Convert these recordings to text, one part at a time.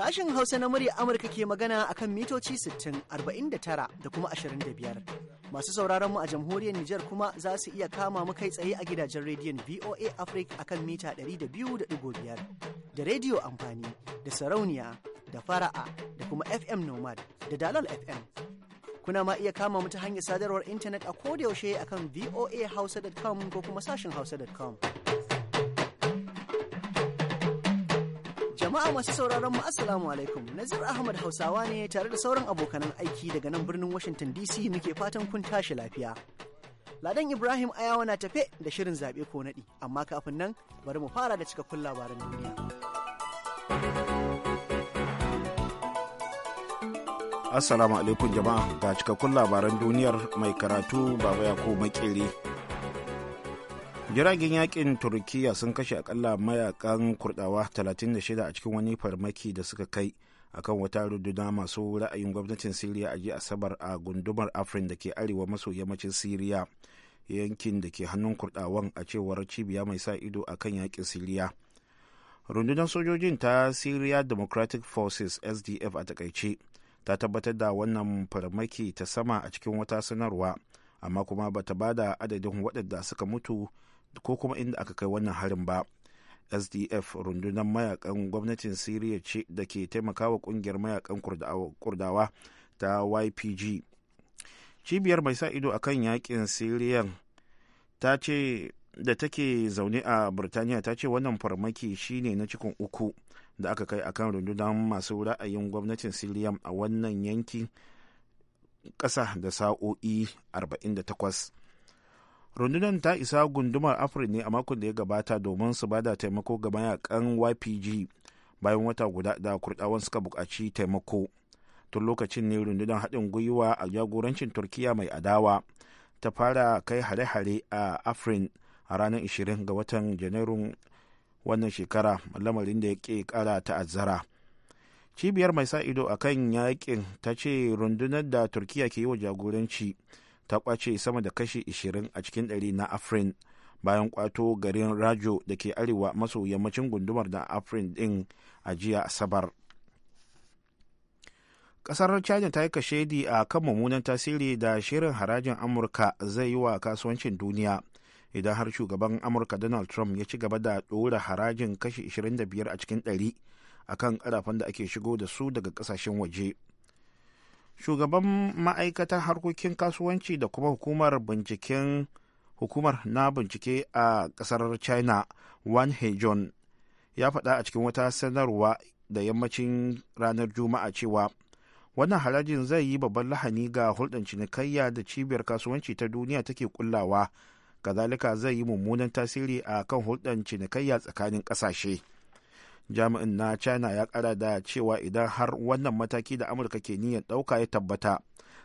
Sashen Hausa na murya Amurka ke magana akan mitoci 60, 49 da kuma 25. Masu sauraron mu a jamhuriyar Nijar kuma za su iya kama mu kai tsaye a gidajen rediyon VOA Africa akan mita 200.5 da rediyo amfani da sarauniya da fara'a da kuma FM Nomad da Dalal FM. Kuna ma iya kama mu ta hanyar sadarwar intanet a kodayaushe a kan voahausa.com ko kuma sashen hausa.com. Jama'a masu sauraron mu Assalamu alaikum. Nazir Ahmad Hausawa ne tare da sauran abokan aiki daga nan birnin Washington DC muke fatan kun tashi lafiya. Ladan Ibrahim Ayawa na tafe da shirin zaɓe ko naɗi, amma kafin nan bari mu fara da cikakkun labaran duniya. Assalamu alaikum jama'a ga cikakkun labaran duniyar mai karatu Baba Yakubu Makeri. jiragen yakin turkiya sun kashe akalla mayakan kurdawa 36 a cikin wani farmaki da suka kai akan wata runduna masu ra'ayin gwamnatin siriya a jiya asabar a gundumar afrin da ke arewa maso yammacin siriya yankin da ke hannun kurdawan a cewar cibiya mai sa ido a kan yakin siriya rundunar sojojin ta syria democratic forces sdf a takaice ta tabbatar da wannan farmaki ta sama a cikin wata sanarwa amma kuma bata bada adadin waɗanda suka mutu ko kuma inda aka kai wannan harin ba sdf rundunar mayakan gwamnatin siriya ce da ke taimakawa kungiyar mayakan kurdawa ta ypg cibiyar mai sa ido akan yakin siriyan ta ce da take zaune a birtaniya ta ce wannan farmaki shine na cikin uku da aka kai akan rundunar masu ra'ayin gwamnatin siriya a wannan yanki ƙasa da sa'o'i 48 rundunar ta isa gundumar afirin ne a makon da ya gabata domin su bada taimako ga mayakan ypg bayan wata guda da kurdawan suka buƙaci taimako tun lokacin ne rundunar haɗin gwiwa a jagorancin turkiya mai adawa ta fara kai hare-hare a afrin a ranar 20 ga watan janairun wannan shekara lamarin da ya ke ƙara ta'azzara cibiyar mai sa ido a kan yakin ta ce rundunar da turkiya ke yi wa jagoranci ta kwace sama da kashi 20 a cikin ɗari na afrin bayan kwato garin rajo da ke arewa maso yammacin gundumar da afrin din a jiya asabar kasar china ta yi kashedi a kan mummunan tasiri da shirin harajin amurka zai yi wa kasuwancin duniya idan har shugaban amurka donald trump ya ci gaba da ɗora harajin kashi 25 a cikin 100 a kan da ake shigo da su daga kasashen waje. shugaban ma'aikatan harkokin kasuwanci da kuma hukumar binciken hukumar na bincike a kasar china wan hejon ya faɗa a cikin wata sanarwa da yammacin ranar juma'a cewa wannan harajin zai yi babban lahani ga hulɗar cinikayya da cibiyar kasuwanci ta duniya take kullawa kazalika zai yi mummunan tasiri a kan hulɗar cinikayya tsakanin ƙasashe. jami'in na china ya kara da cewa idan har wannan mataki da amurka ke niyyar ɗauka ya tabbata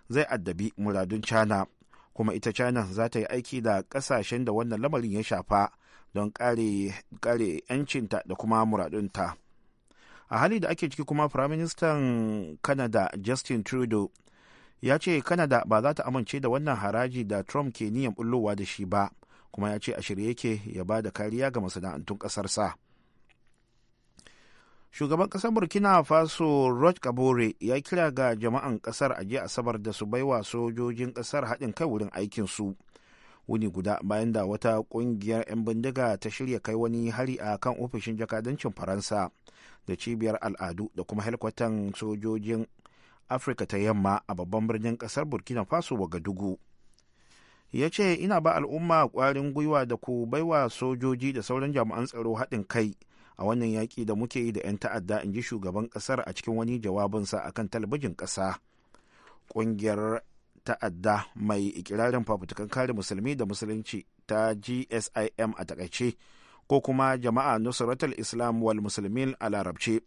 zai addabi muradun china kuma ita china za ta yi aiki da ƙasashen da wannan lamarin ya shafa don kare 'yancinta da kuma muradunta a hali da ake ciki kuma firaministan canada justin trudeau ya ce canada ba za ta amince da wannan haraji da trump ke niyan bullowa da shi ba kuma ya ce a shirye yake ya ba da kariya ga masana'antun ƙasarsa. shugaban ƙasar burkina faso roch kabore ya kira ga jama'an ƙasar a jiya asabar da su baiwa sojojin ƙasar haɗin kai wurin aikinsu wuni guda bayan da wata ƙungiyar 'yan bindiga ta shirya kai wani hari a kan ofishin jakadancin faransa da cibiyar al'adu da kuma helikwatan sojojin afirka ta yamma a babban birnin ƙasar burkina faso wagadugu ya ce ina ba al'umma ƙwarin gwiwa da ku baiwa sojoji da sauran jami'an tsaro haɗin kai a wannan yaƙi da muke yi da 'yan ta'adda in ji shugaban ƙasar a cikin wani jawabinsa a kan talabijin ƙasa ƙungiyar ta'adda mai ikirarin fafutukan kare musulmi da musulunci ta gsim a takaice ko kuma jama'a nusratul islam wal musulmin a larabce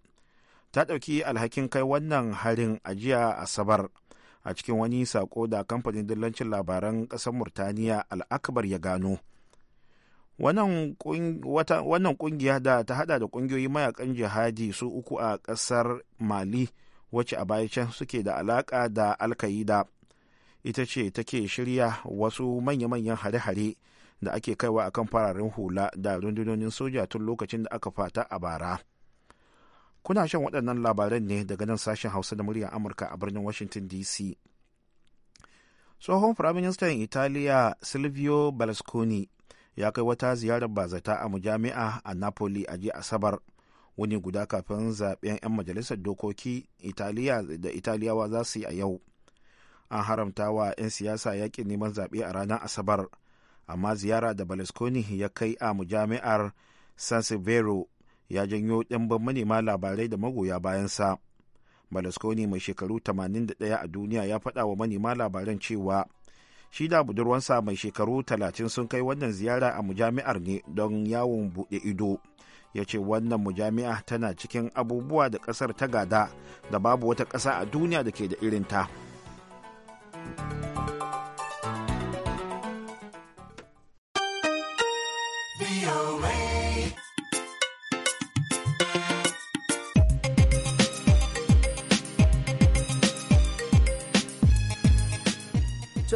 ta ɗauki alhakin kai wannan harin a jiya asabar a cikin wani sako da kamfanin dillancin labaran ƙasar murtaniya al'akbar ya gano wannan kungiya da ta hada da kungiyoyi mayakan jihadi su uku a kasar mali wacce a baya can suke da alaka da alkaida ita ce take shirya wasu manya-manyan hare-hare da ake kaiwa akan fararen hula da rundunonin soja tun lokacin da aka fata a bara kuna shan waɗannan labaran ne daga nan sashen hausa da muryar amurka a birnin washington dc tsohon firaministan italiya silvio berlusconi ya kai wata ziyarar bazata a mujami'a a napoli a jiya asabar wani guda kafin zaɓen 'yan majalisar dokoki italiya da italiyawa za su yi a yau an haramta wa 'yan siyasa yakin neman zaɓe a ranar asabar amma ziyara da balasconi ya kai a mujami'ar sansevero ya janyo ɗimbin manema labarai da magoya bayansa balasconi mai shekaru 81 a duniya ya faɗa wa manema labaran cewa shi da budurwansa mai shekaru talatin sun kai wannan ziyara a mujami'ar ne don yawon buɗe ido ya ce wannan mujami'a tana cikin abubuwa da kasar ta gada da babu wata kasa a duniya da ke da irinta. ta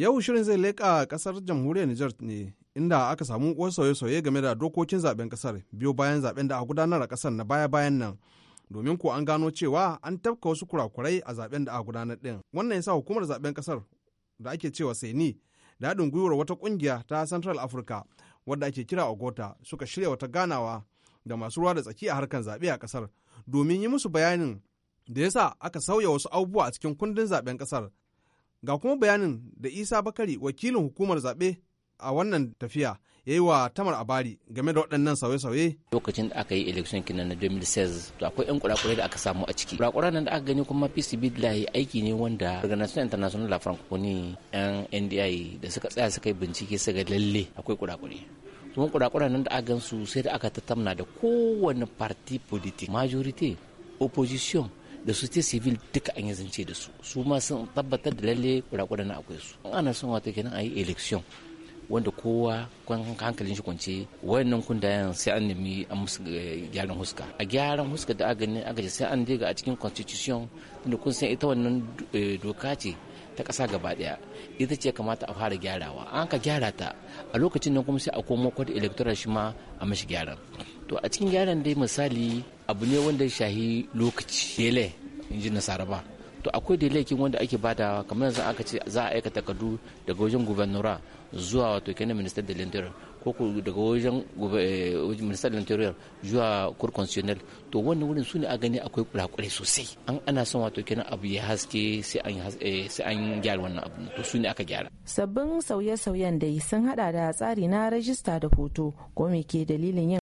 Yau shirin zai leƙa ƙasar jamhuriyar Nijar ne inda aka samu wasu sauye-sauye game da dokokin zaben ƙasar biyo bayan zaben da a gudanar a ƙasar na baya-bayan nan. Domin ko an gano cewa an tafka wasu kurakurai a zaben da a gudanar ɗin. Wannan ya sa hukumar zaben ƙasar da ake cewa Seni da haɗin gwiwar wata ƙungiya ta Central Africa wadda ake kira Ogota suka shirya wata ganawa da masu ruwa da tsaki a harkar zaɓe a ƙasar domin yi musu bayanin da ya sa aka sauya wasu abubuwa a cikin kundin zaben ƙasar Ga kuma bayanin da Isa Bakari wakilin hukumar zaɓe a wannan tafiya ya yi wa tamar abari game da waɗannan sauye-sauye. Lokacin da aka yi election kinan na 2006 to akwai 'yan kurakurai da aka samu a ciki. Kurakuran nan da aka gani kuma PCB lahi aiki ne wanda organization International La Francophonie 'yan NDI da suka tsaya suka yi bincike suka lalle akwai kurakurai. kuma kurakuran nan da aka gansu sai da aka tattamna da kowane party politik majority opposition da su ce civil duka an yi zance da su su ma sun tabbatar da lalle kurakura na akwai su in ana son wata kenan a yi election wanda kowa hankalin shi kwance wayannan kundayen sai an nemi an musu eh, gyaran huska a gyaran huska da aka gani aka sai an daga a cikin constitution tunda kun san ita wannan eh, doka ce ta kasa gaba ɗaya ita ce kamata a fara gyarawa an ka gyara ta a lokacin nan kuma sai a komo kwad electoral shi ma a mashi gyaran to a cikin gyaran dai misali abu ne wanda ya shahi lokaci dele in ji nasara ba to akwai da laifin wanda ake bada kamar yanzu aka ce za a aika takardu daga wajen gubernura zuwa wato kenan minister da lintar ko daga wajen eh, minister da lintar zuwa kur to wannan wurin su ne a gani akwai kurakure sosai an ana son wato kenan abu ya haske eh, sai an gyara wannan abu to su ne aka gyara sabbin sauye-sauyen dai sun hada da tsari na rajista da hoto ko me ke dalilin yin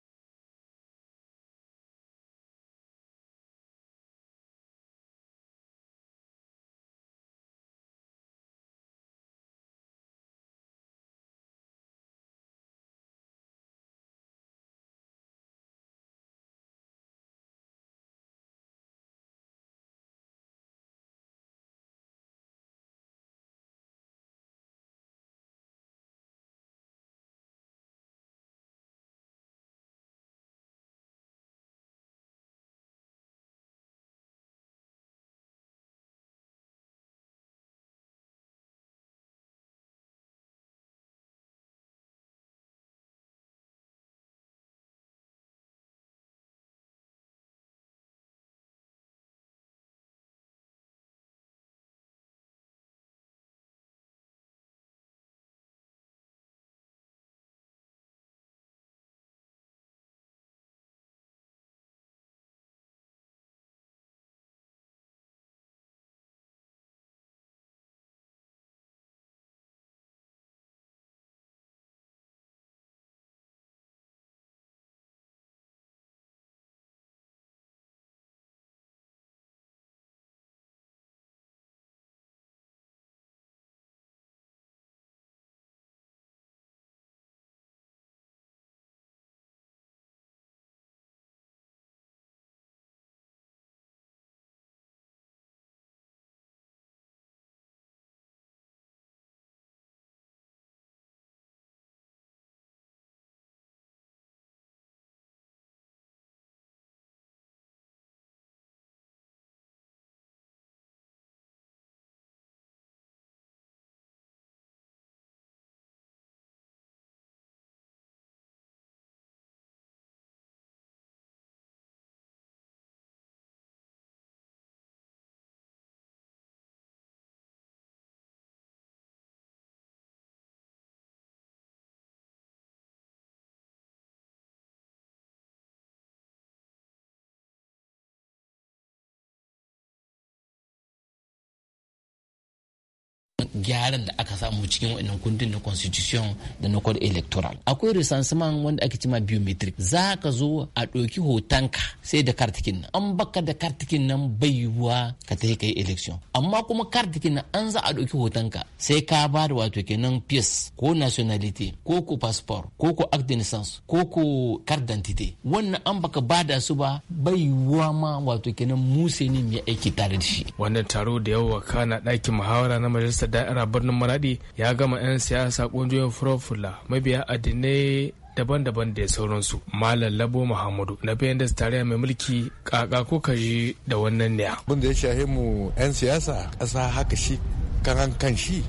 gyaran da aka samu cikin wannan kundin na constitution da na code electoral akwai resansiman wanda ake cima biometric za ka zo a ɗauki hotonka sai da kartikin nan an baka da kartikin nan bai yiwuwa ka ta kai election amma kuma kartikin nan an za a ɗauki ka. sai ka ba da wato kenan pies ko nationality ko ko passport ko ko act naissance ko ko card d'identité wannan an baka ba da su ba bai yiwuwa ma wato kenan mu ne mai aiki tare da shi wannan taro da yawa kana ɗakin muhawara na majalisar da'ira birnin maradi ya gama 'yan siyasa ƙungiyoyin furofula mabiya addinai daban-daban da sauransu malam labo muhammadu na bayan da tarayya mai mulki kaka ko kaji da wannan ne abin da ya shahi mu 'yan siyasa kasa haka shi karan kan shi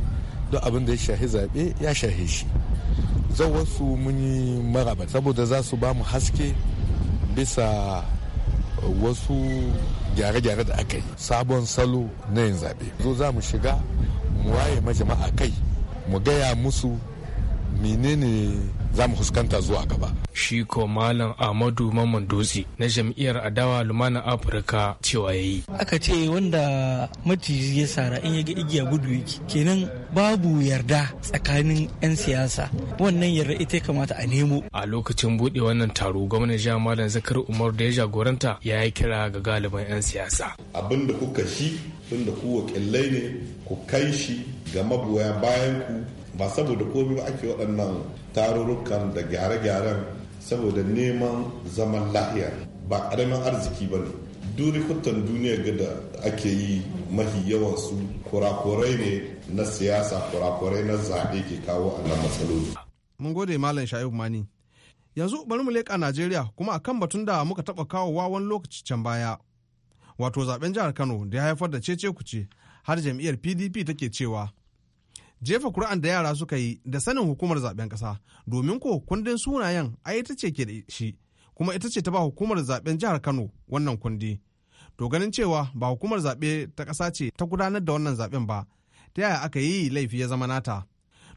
don abin da ya shahi zaɓe ya shahe shi zan wasu mun yi maraba saboda za su ba mu haske bisa wasu gyare-gyare da aka yi sabon salo na yin zaɓe zo za mu shiga mu waye majama'a kai mu gaya musu menene za mu fuskanta zuwa gaba. Shi ko Malam Ahmadu Mamman Dutse na jam'iyyar Adawa Lumana Afirka cewa yayi. Aka ce wanda maciji ya sara in ya ga igiya gudu yake kenan babu yarda tsakanin 'yan siyasa wannan yarda ita ya kamata a nemo. A lokacin buɗe wannan taro gwamnan jiha Malam Zakar Umar da ya jagoranta ya yi kira ga galibin 'yan siyasa. Abin da kuka shi tun da ku ne ku kai shi ga magoya bayan ku ba saboda komi ba ake waɗannan tarurrukan da gyare-gyaren saboda neman zaman lahiya ba ƙaramin arziki ba ne kutan duniya ga da ake yi mafi su, kurakurai ne na siyasa kurakurai na zaɓe ke kawo a nan matsaloli. mun gode malam sha'ibu mani yanzu bari mu leƙa najeriya kuma akan batun da muka taɓa kawo wawan lokaci can baya wato zaɓen jihar kano da ya haifar da cece kuce har jam'iyyar pdp take cewa jefa kuri'an da yara suka yi da sanin hukumar zaben kasa domin ko kundin sunayen a ita ce ke da shi kuma ita ce ta ba hukumar zaben jihar kano wannan kundi to ganin cewa ba hukumar zaɓe ta ƙasa ce ta gudanar da wannan zaɓen ba ta yaya aka yi laifi ya zama nata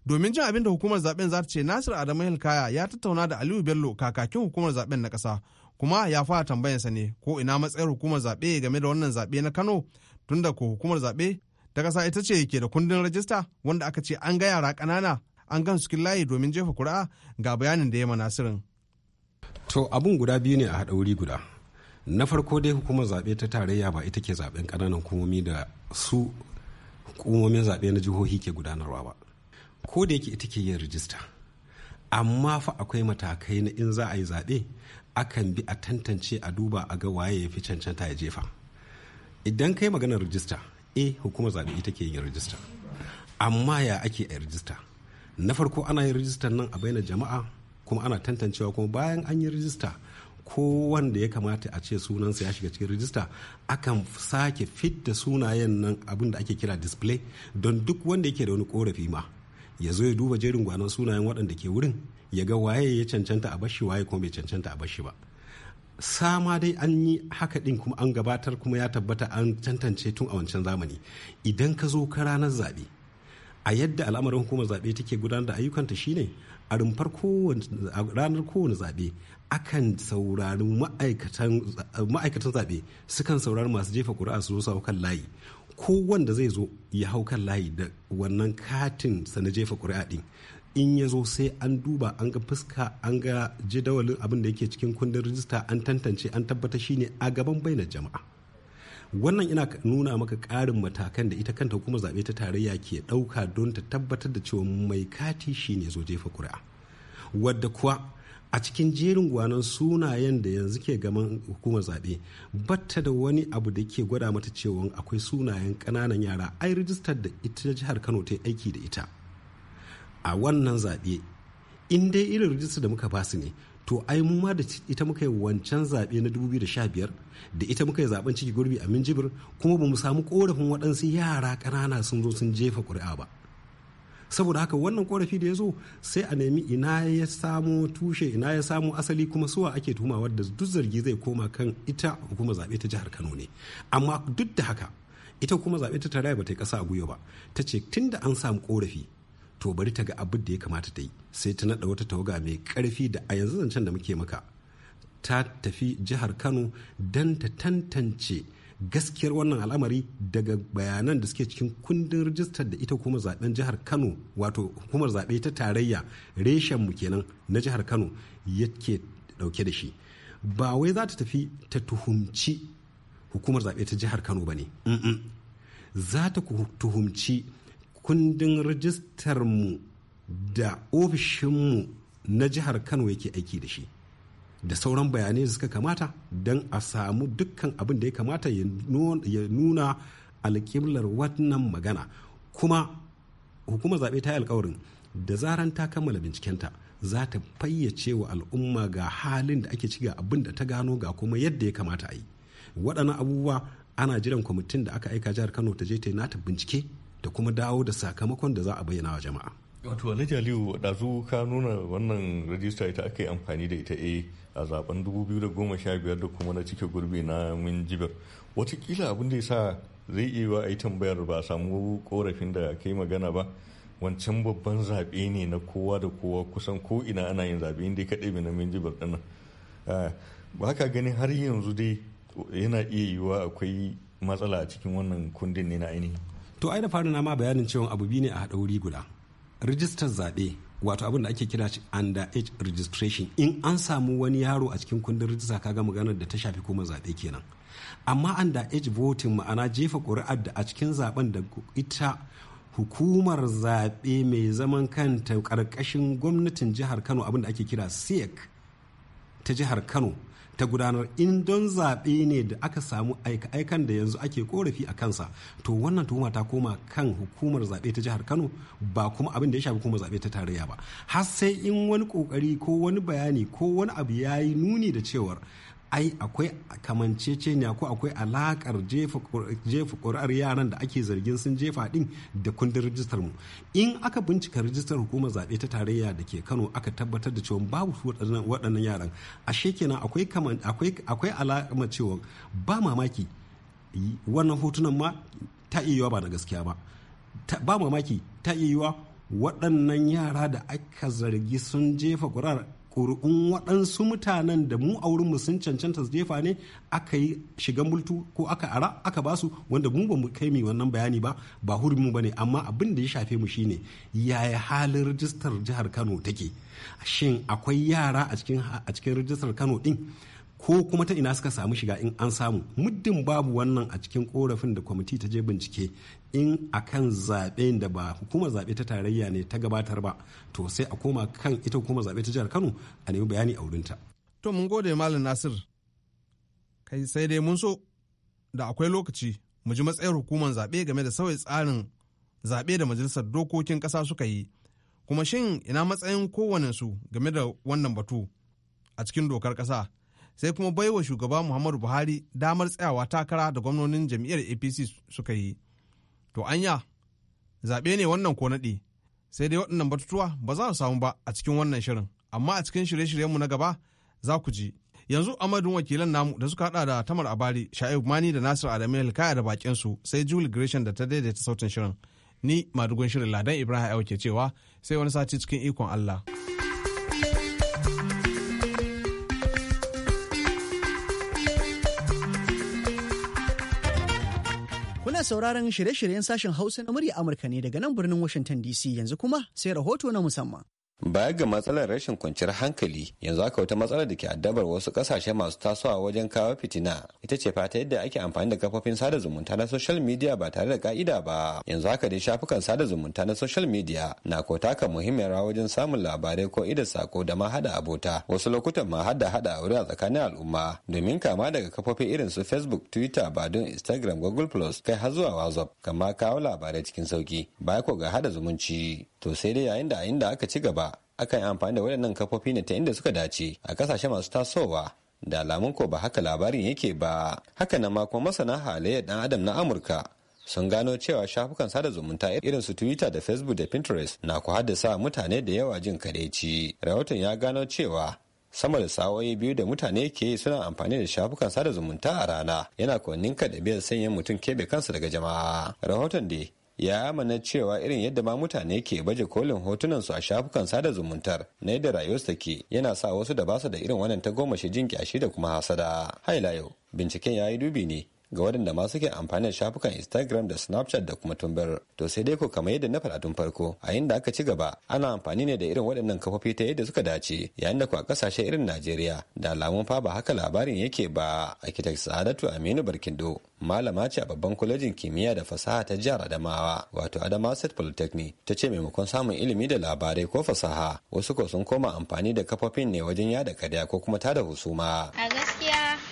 domin jin abin da hukumar zaɓen za ta ce nasir adamu hilkaya ya tattauna da aliyu bello kakakin hukumar zaɓen na ƙasa kuma ya fara tambayarsa ne ko ina matsayar hukumar zaɓe game da wannan zaɓe na kano tunda ko hukumar zaɓe ta kasa ita ce ke da kundin rajista wanda aka ce an ga yara ƙanana an gan su layi domin jefa kuri'a ga bayanin da ya ma nasirin. to abun guda biyu ne a haɗa wuri guda na farko dai hukumar zaɓe ta tarayya ba ita ke zaɓen ƙananan hukumomi da su hukumomin zaɓe na jihohi ke gudanarwa ba ko da yake ita ke yin rajista amma fa akwai matakai na in za a yi zaɓe akan bi a tantance a duba a ga waye ya fi cancanta ya jefa idan kai maganar rajista eh hukumar zaɓe ita ke yin rajista amma ya ake a rajista na farko ana yin rajista nan a bayyana jama'a kuma ana tantancewa kuma bayan an yi rajista ko wanda ya kamata a ce sunansa ya shiga cikin rajista akan sake fidda sunayen nan abin da ake kira display don duk wanda yake da wani korafi ma ya zo ya duba jerin gwanon sunayen waɗanda ke wurin ya ga waye ya cancanta a bashi waye kuma bai cancanta a bashi ba sama dai an yi haka din kuma an gabatar kuma ya tabbata an tantance tun a wancan zamani idan ka zo ka ranar zaɓe a yadda al'amarin hukumar zaɓe take gudanar da ayyukanta shine a rumfar ranar kowane zaɓe akan saurari ma'aikatan zaɓe sukan saurari masu jefa ƙuri'a su zo kan layi ko wanda zai zo ya hau kan layi da wannan katin sa na jefa ƙuri'a din in ya zo sai an duba an ga fuska an ga jadawalin abin da yake cikin kundin rijista an tantance an tabbata shine a gaban bainar jama'a wannan ina nuna maka ƙarin matakan da ita kanta hukumar zaɓe ta tarayya ke ɗauka don ta tabbatar da cewa mai kati shine zo jefa ƙuri'a wadda kuwa a cikin jerin gwanon sunayen da yanzu ke gaban hukumar zaɓe batta da wani abu da ke gwada mata cewa akwai sunayen ƙananan yara ai rijistar da ita jihar kano ta aiki da ita a wannan zaɓe in dai irin rijista da muka basu ne to ai mu ma da ita muka yi wancan zaɓe na 2015 da ita muka yi zaɓen ciki gurbi a minjibir kuma ba mu samu korafin waɗansu yara ƙanana sun zo sun jefa ƙuri'a ba saboda haka wannan korafi da ya zo sai a nemi ina ya samu tushe ina ya samu asali kuma suwa ake tuma wadda duk zargi zai koma kan ita hukumar zaɓe ta jihar kano ne amma duk da haka ita kuma zaɓe ta tarayya ba ta yi ƙasa a gwiwa ba ta ce tun an samu korafi to bari ta ga abin da ya kamata ta yi sai ta naɗa wata tawaga mai ƙarfi da a yanzu zancen da muke maka ta tafi jihar kano don ta tantance gaskiyar wannan al'amari daga bayanan da suke cikin kundin rijistar da ita hukumar zaben jihar kano wato hukumar zaɓe ta tarayya reshen mu kenan na jihar kano yake ɗauke da shi ba wai za ta tafi ta tuhumci hukumar zaɓe ta jihar kano ba ne za ta tuhumci kundin rijistar mu da ofishinmu na jihar kano yake aiki da shi da sauran bayanai suka kamata don a samu dukkan abin da ya kamata ya nuna alƙiblar wannan magana kuma hukumar zaɓe ta yi alƙawarin, da zaran ta kammala bincikenta za ta fayyace wa al'umma ga halin da ake ci ga abin da ta gano ga kuma yadda ya kamata a yi waɗannan abubuwa ana jiran kwamitin da aka aika jihar kano ta je ta yi nata bincike da kuma dawo da sakamakon da za a bayyana wa jama'a wato alhaji aliyu ɗazu ka nuna wannan rajista ita aka yi amfani da ita eh, a zaben 2015 da kuma na cike gurbi na min jibir watakila abin da ya sa zai iya wa yi tambayar ba a samu korafin da ka yi magana ba wancan babban zaɓe ne na kowa da kowa kusan ko ina ana yin zaɓe inda ka ɗebe na min jibir ɗin ba ka gani har yanzu dai yana iya yiwuwa akwai matsala a cikin wannan kundin ne na ainihi to ai da fara na ma bayanin cewa abu biyu ne a haɗa wuri guda rijistar zaɓe wato abin da ake kira shi under age registration in an samu wani yaro a cikin kundin rijista kaga maganar da ta shafi kuma zaɓe kenan amma under age voting ma'ana jefa ƙuri'ar da a cikin zaɓen da ita hukumar zaɓe mai zaman kanta ƙarƙashin gwamnatin jihar kano abin da ake kira sec ta jihar kano ta gudanar in don zaɓe ne da aka samu aika-aikan da yanzu ake korafi a kansa to wannan tuhuma ta koma kan hukumar zaɓe ta jihar kano ba kuma abin da ya shafi kuma zaɓe ta tarayya ba har sai in wani ƙoƙari ko wani bayani ko wani abu ya yi nuni da cewar ai akwai kamanceceniya ko akwai alakar jefa ƙuri'ar yaran da ake zargin sun jefa ɗin da kundin rijistar mu in aka bincika rijistar hukumar zaɓe ta tarayya da ke kano aka tabbatar da cewa babu waɗannan yaran ashe kenan akwai akwai alamar cewa ba mamaki wannan hotunan ma ta iya ba na gaskiya ba ba mamaki ta iya waɗannan yara da aka zargi sun jefa ƙuri'ar ƙuri'un waɗansu mutanen da mu a wurinmu sun cancanta su jefa ne aka yi shiga multu ko aka ara aka basu wanda mu ba mu kai mi wannan bayani ba ba hurinmu ba ne amma abin da ya shafe mu shine yaya halin rijistar jihar kano take shin akwai yara a cikin rijistar kano din ko kuma ta ina suka samu shiga in an samu muddin babu wannan a cikin korafin da kwamiti ta je bincike in a kan zaɓe da ba hukumar zaɓe ta tarayya ne ta gabatar ba to sai a koma kan ita hukumar zaɓe ta jihar kano a nemi bayani a wurinta. to mun gode malam nasir kai sai dai mun so da akwai lokaci mu ji matsayar hukumar zaɓe game da sauya tsarin zaɓe da majalisar dokokin ƙasa suka yi kuma shin ina matsayin kowane su game da wannan batu a cikin dokar ƙasa sai kuma baiwa shugaba muhammadu buhari damar tsayawa takara da gwamnonin jam'iyyar apc suka yi to anya zaɓe ne wannan ko naɗe sai dai waɗannan batutuwa ba za su samu ba a cikin wannan shirin amma a cikin shirye-shiryenmu na gaba za ku ji yanzu amadun wakilan namu da suka haɗa da tamar abari sha'ib mani da nasir adamu hilkaya da bakin su sai juli gresham da ta daidaita sautin shirin ni madugun shirin ladan ibrahim ke cewa sai wani sati cikin ikon allah Kuna sauraron shirye-shiryen sashen Hausa na murya Amurka ne daga nan birnin Washington DC yanzu kuma sai rahoto na musamman. baya ga matsalar rashin kwanciyar hankali yanzu aka wata matsalar da ke addabar wasu kasashe masu tasowa wajen kawo fitina ita ce fata yadda ake amfani da kafofin sada zumunta na social media ba tare da ka'ida ba yanzu haka dai shafukan sada zumunta na social media na ko taka muhimmiyar rawa wajen samun labarai ko idan sako da ma hada abota wasu lokutan ma hada hada wuri a tsakanin al'umma domin kama daga kafofin irin su facebook twitter ba don instagram google plus kai har zuwa whatsapp kama kawo labarai cikin sauki baya ko ga hada zumunci to sai dai yayin da inda da aka ci gaba aka yi amfani da waɗannan kafofi ne ta inda suka dace a ƙasashe masu tasowa da alamun ko ba haka labarin yake ba haka na ma kuma masana halayyar dan adam na amurka sun gano cewa shafukan sada zumunta irin su twitter da facebook da pinterest na ku haddasa mutane da yawa jin kadaici rahoton ya gano cewa sama da sa'o'i biyu da mutane ke suna amfani da shafukan sada zumunta a rana yana kwanin ninka biyar sanya mutum keɓe kansa daga jama'a rahoton dai ya amana cewa irin yadda ma mutane ke baje kolin hotunan su a shafukan sada zumuntar na yadda rayuwarsu take yana sa wasu da basu da irin wannan ta tagomashi jin kyashi da kuma hasada haila yau binciken ya yi dubi ne ga waɗanda masu ke amfani da shafukan instagram da snapchat da kuma tumbar to sai dai ko kamar yadda na faɗa tun farko a inda aka ci gaba ana amfani ne da irin waɗannan kafofi ta yadda suka dace yayin da ku a ƙasashe irin najeriya da alamun fa ba haka labarin yake ba architect sa'adatu aminu barkindo malama ce a babban kwalejin kimiyya da fasaha ta jihar adamawa wato adama state polytechnic ta ce maimakon samun ilimi da labarai ko fasaha wasu ko sun koma amfani da kafofin ne wajen yada kadiya ko kuma tada husuma.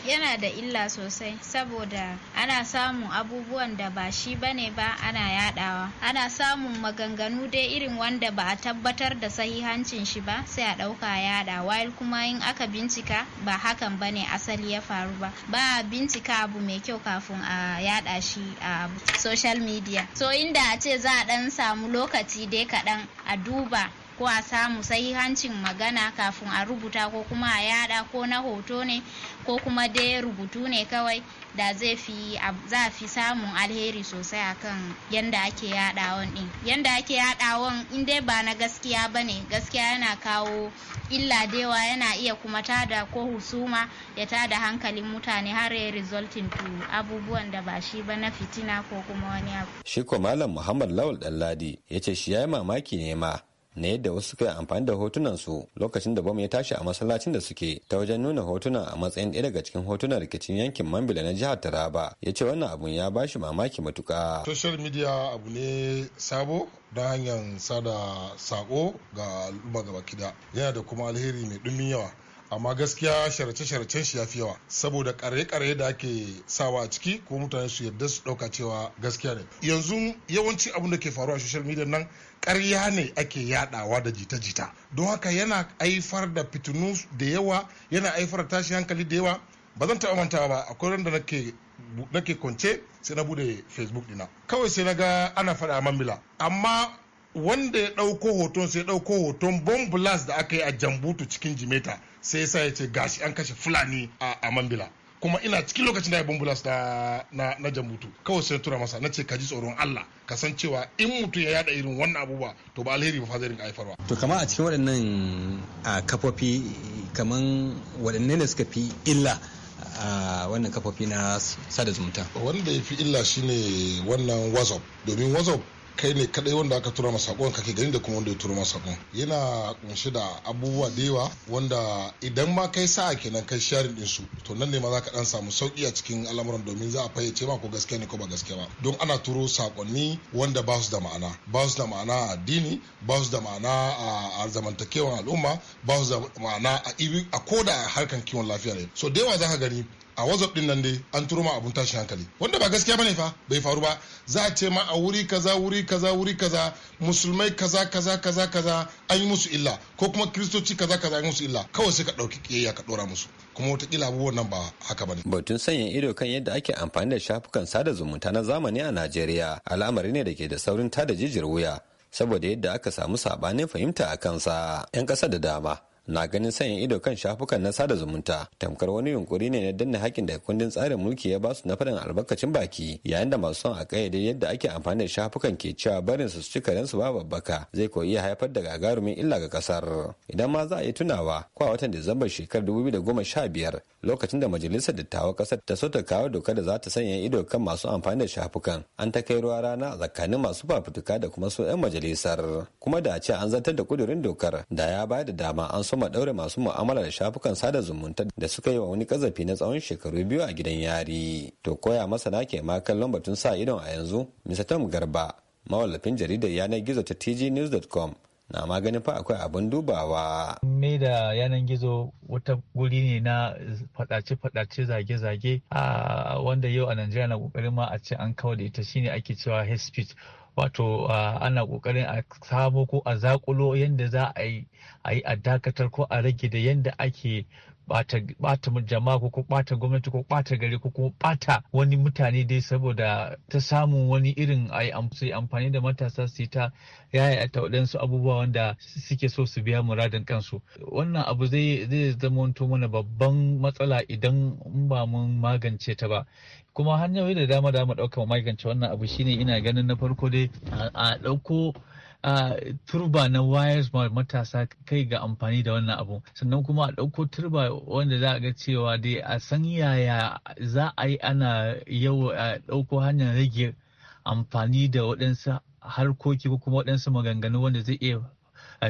yana da illa sosai saboda ana samun abubuwan da ba shi bane ba ana yadawa ana samun maganganu dai irin wanda ba a tabbatar da sahihancin shi ba sai a dauka yada while kuma in aka bincika ba hakan bane asali ya faru ba ba bincika abu mai kyau kafin a yada shi a social media so inda a ce za a dan samu lokaci dai kaɗan a duba ko a samu sai sahihancin magana kafin a rubuta ko kuma a yada ko na hoto ne ko kuma dai rubutu ne kawai da zai fi za fi samun alheri sosai akan yanda ake yadawan din yanda ake yadawan in dai ba na gaskiya bane gaskiya yana kawo illa dewa yana iya kuma tada ko husuma ya tada hankalin mutane har ya resulting to abubuwan da ba shi ba na fitina ko kuma wani abu shi ko malam muhammad lawal dalladi ya ce shi ya yi mamaki ne ma na yadda wasu suka yi amfani da hotunan su lokacin da bom ya tashi a masallacin da suke ta wajen nuna hotuna a matsayin ɗaya daga cikin hotunan rikicin yankin Mambila na jihar Taraba ya ce wannan abun ya bashi mamaki matuka. Social media abu ne sabo da hanyar sada sako ga al'umma gaba kida yana da kuma alheri mai ɗumin yawa amma gaskiya sharce-sharcen shi ya fi yawa saboda kare-kare da ake sawa a ciki ko mutane su yarda su ɗauka cewa gaskiya ne yanzu yawanci abun da ke faruwa a social media nan karya ne ake yadawa da jita-jita don haka yana aifar da fitinu da yawa yana aifar da tashin hankali da yawa ba zan taɓa mantawa ba akwai wanda da nake nake kwance sai na bude facebook dina kawai sai na ga ana faɗa a mambila amma wanda ya ɗauko hoton sai ɗauko hoton bomb blast da aka yi a jambutu cikin jimeta sai yasa ya ce gashi an kashe fulani a amambila kuma ina cikin lokacin da ya bambula na, na, na jambutu kawai sai tura masa na ce ka ji tsoron Allah ka san cewa in mutum ya yada irin wannan abubuwa to ba alheri ba fa zai rinka haifarwa to kama a cikin waɗannan a kafofi kaman waɗanne ne suka fi illa a wannan kafofi na sada zumunta wanda ya fi illa shine wannan whatsapp domin whatsapp kai ne kadai wanda aka tura masa sakon kake gani da kuma wanda ya tura masa sakon yana kunshi da abubuwa da yawa wanda idan ma kai sa'a kenan kai sharin din su to nan ne ma zaka dan samu sauki a cikin al'amuran domin za a fayyace ma ko gaskiya ne ko ba gaskiya ba don ana turo sakonni wanda ba su da ma'ana ba su da ma'ana a addini ba su da ma'ana a zamantakewan al'umma ba su da ma'ana a koda harkan kiwon lafiya ne so da yawa zaka gani a whatsapp din nan dai an turo ma abun tashin hankali wanda ba gaskiya bane fa bai faru ba za a ce ma a wuri kaza wuri kaza wuri kaza musulmai kaza kaza kaza kaza an yi musu illa ko kuma kristoci kaza kaza an yi musu illa kawai sai ka dauki kiyayya ka dora musu kuma watakila abubuwan nan ba haka bane batun sanya ido kan yadda ake amfani da shafukan sada zumunta na zamani a Najeriya al'amari ne da ke da saurin tada jijiyar wuya saboda yadda aka samu sabanin fahimta a kansa 'yan kasa da dama na ganin sanya ido kan shafukan na sada zumunta tamkar wani yunkuri ne na danna hakkin da kundin tsarin mulki ya basu na faɗin albarkacin baki yayin da masu son a kayyade yadda ake amfani da shafukan ke cewa barin su ci karen su ba babbaka zai ko iya haifar da gagarumin illa ga kasar idan ma za a yi tunawa ko a watan disambar shekarar 2015 lokacin da majalisar dattawa kasar ta so ta kawo doka da za ta sanya ido kan masu amfani da shafukan an ta kai ruwa rana a tsakanin masu fafutuka da kuma su 'yan majalisar kuma da a ce an zartar da kudurin dokar da ya bayar da dama an sama ɗaure masu mu'amala da shafukan sada zumunta da suka yi wa wani kazafi na tsawon shekaru biyu a gidan yari to koya masana ke ma kallon batun sa idon a yanzu mr tom garba mawallafin jaridar yanar gizo ta tgnews.com na maganin fa akwai abin dubawa. Me da yanar gizo wata guri ne na fadace-fadace zage-zage a wanda yau a Najeriya na kokarin ma a ce an kawo ita shine ake cewa hate speech wato ana kokarin a samu ko a zakulo yadda za a yi a yi a dakatar ko a rage da yadda ake bata jama'a ko ko bata gwamnati ko bata gari ko kuma bata wani mutane dai saboda ta samu wani irin a yi amfani da matasa su ta yaya ta waɗansu abubuwa wanda suke so su biya muradin kansu wannan abu zai zama mana babban matsala idan ba mun magance ta ba kuma hanyoyi da dama da mu dauka magance wannan abu shine ina ganin na farko dai a ɗauko turba na wires ma matasa kai ga amfani da wannan abu sannan kuma a ɗauko turba wanda za a ga cewa dai a san yaya za a yi ana yau a ɗauko hanyar rage amfani da waɗansu harkoki ko kuma waɗansu maganganu wanda zai iya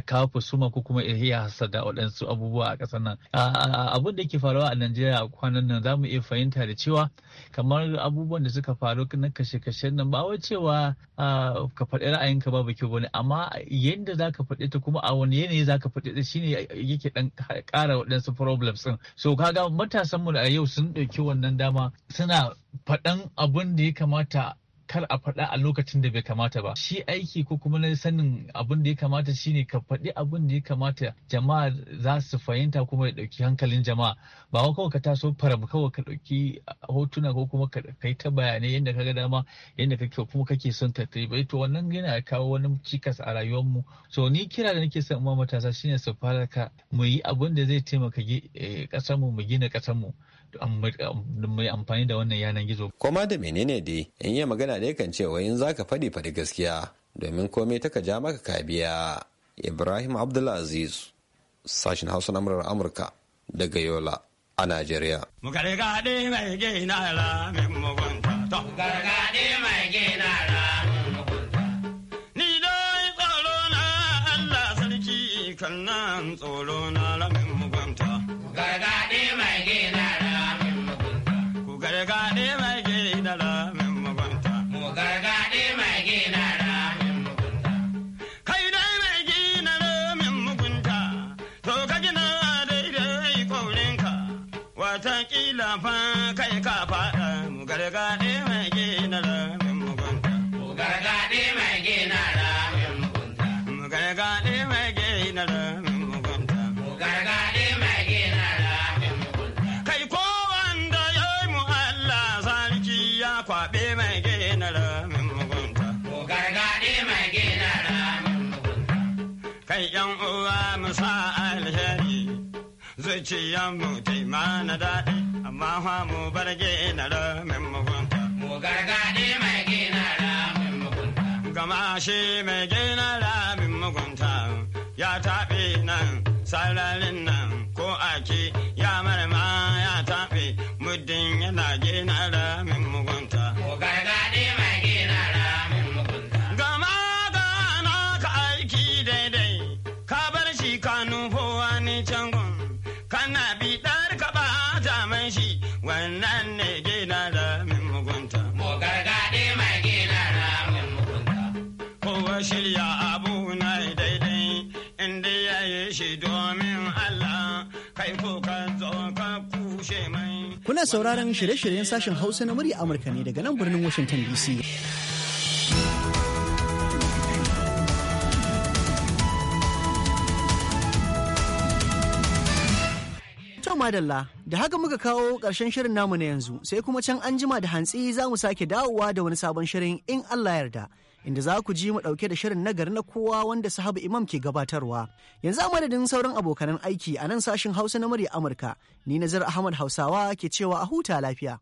kawo fusuma ko kuma iya hasada waɗansu abubuwa a ƙasar nan abin da ke faruwa a najeriya a kwanan nan za mu iya fahimta da cewa kamar abubuwan da suka faru na kashe-kashe nan ba wai cewa ka faɗi ra'ayinka ba kyau wani amma yadda za ka faɗi ta kuma a wani yanayi za ka faɗi ta shine yake ɗan ƙara waɗansu problems ɗin so kaga matasanmu da yau sun ɗauki wannan dama suna faɗan abin da ya kamata kar a faɗa a lokacin da bai kamata ba shi aiki ko kuma na sanin abin da ya kamata shine ka faɗi abin da ya kamata jama'a za su fahimta kuma ya ɗauki hankalin jama'a ba wa kawai ka taso faram kawai ka ɗauki hotuna ko kuma ka yi ta bayanai yadda ka ga dama yadda kake kuma kake son ka bai to wannan yana kawo wani cikas a rayuwar mu so ni kira da nake son uwa matasa shine su fara ka mu yi abin da zai taimaka kasar eh, mu mu gina kasar mu mai amfani da wannan yanar gizo. Koma da menene dai in yi magana da yakan ce in za ka faɗi faɗi gaskiya domin komai ta ka ja maka ka biya. Ibrahim Abdulaziz sashen Hausa na Amurka daga Yola a Najeriya. Mugargaɗe mai gina mai mugunta. mai gina mugunta. Ni dai tsoro na Allah sarki kan nan tsoro na. zuciyanmu ta mana daɗi amma fa mu bar gina ramin mugunta. Mu gargaɗe mai gina ramin mugunta. Gama shi mai gina ramin mugunta ya taɓe nan sararin nan ko ake ya marma ya taɓe muddin yana gina ramin Kuna sauraron shirye-shiryen sashen Hausa na murya Amurka ne daga nan birnin Washington DC. madalla da haka muka kawo ƙarshen shirin namu na yanzu sai kuma can anjima da hantsi za mu sake dawowa da wani sabon shirin in Allah yarda. inda za ku ji mu ɗauke da shirin nagari na kowa wanda sahabu imam ke gabatarwa yanzu a madadin sauran abokanan aiki a nan sashin hausa na murya amurka ni nazar ahmad hausawa ke cewa a huta lafiya.